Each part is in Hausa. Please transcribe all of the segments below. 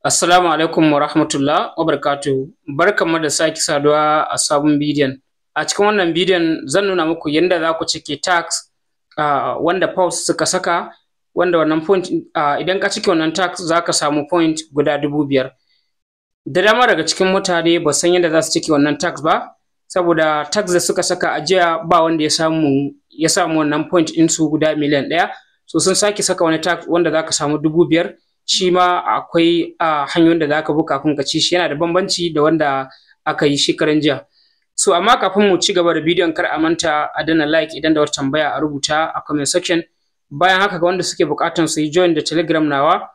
Assalamu alaikum wa rahmatullah wa barakatuh. mu da sake saduwa a sabon bidiyon. A cikin wannan bidiyon zan nuna muku yadda za ku cike tax uh, wanda post suka saka wanda wannan point idan ka cike wannan tax za ka samu point guda dubu biyar. Da dama daga cikin mutane ba san yadda za su cike wannan tax ba saboda tax da suka saka a jiya ba wanda ya samu ya samu wannan point ɗinsu guda miliyan ɗaya. So sun sake saka wani tax wanda za ka samu dubu biyar. shi ma akwai hanyoyin da za ka bi kafin ka ci shi yana da bambanci da wanda aka yi shekaran jiya so amma kafin mu ci gaba da bidiyon kar a manta a dana like idan da wata tambaya a rubuta a comment section bayan haka ga wanda suke bukatan su yi join da telegram nawa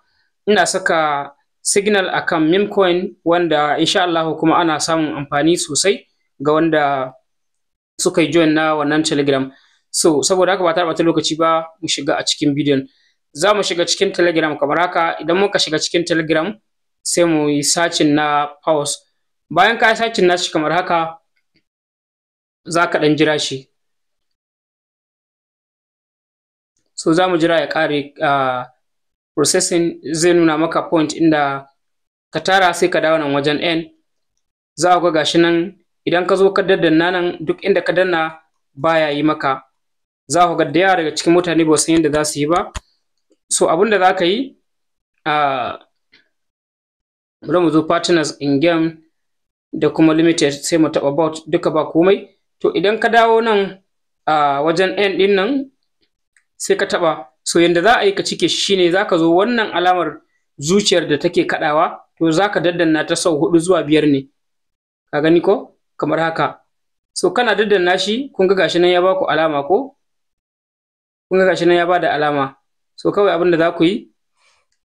ina saka signal akan coin wanda insha Allah kuma ana samun amfani sosai ga wanda suka yi join na wannan telegram so saboda haka ba ta bata lokaci ba mu shiga a cikin bidiyon za mu shiga cikin telegram kamar haka idan muka shiga cikin telegram sai mu yi sacin na pause bayan ka sacin nashi kamar haka za ka ɗan jira shi so za mu jira ya kare uh, processing zai nuna maka point inda ka tara sai ka dawo nan wajen n za ga gashi nan idan ka zo ka daddanna nan duk inda ka danna baya yi maka za ku ga da yawa daga cikin mutane ba yin yadda za su yi ba so abin da za ka yi bari mu zo partners in game da kuma limited sai mu taba about duka ba komai to idan ka dawo nan a wajen n ɗin nan sai ka taɓa so yadda za a yi ka cike shi ne za ka zo wannan alamar zuciyar da take kaɗawa to za ka daddanna ta sau hudu zuwa biyar ne ka gani ko kamar haka so kana daddanna shi kun ga gashi nan ya baku alama ko kun ga gashi nan ya ba da alama so kawai abin da za ku yi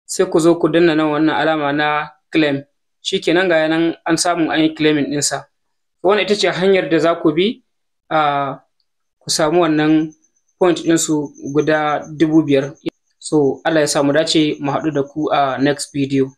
sai ku zo ku danna nan wannan alama na claim kenan ga yanan an samu an yi claiming ɗinsa wannan ita ce hanyar da za ku bi a ku samu wannan point ɗinsu guda dubu biyar so Allah ya samu dace mu haɗu da ku a next video